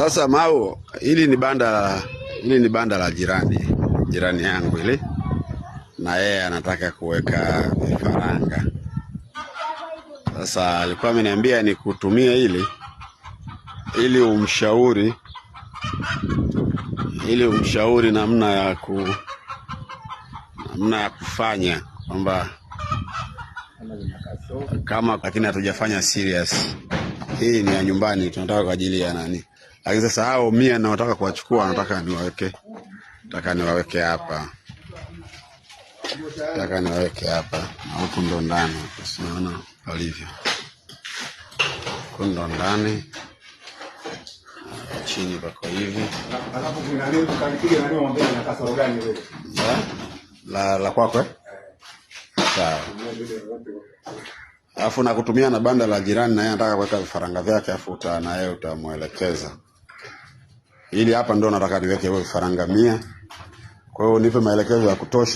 Sasa Mau, hili ni banda, hili ni banda la jirani jirani yangu hili, na yeye anataka kuweka vifaranga. Sasa alikuwa ameniambia kutumia hili ili umshauri ili umshauri namna ya ku namna ya kufanya kwamba kama, lakini hatujafanya serious. Hii ni ya nyumbani, tunataka kwa ajili ya nani lakini sasa hao mia naotaka kuwachukua nataka niwaweke, nataka niwaweke hapa, nataka niwaweke hapa, na huku ndo ndani naona alivyo huku ndo ndani chini pako hivi eh? la la kwako eh? sawa. Alafu nakutumia na banda la jirani, naye anataka kuweka vifaranga vyake, afu utaa naye utamwelekeza. Ili hapa ndo nataka niweke faranga mia. Kwa hiyo nipe maelekezo ya kutosha.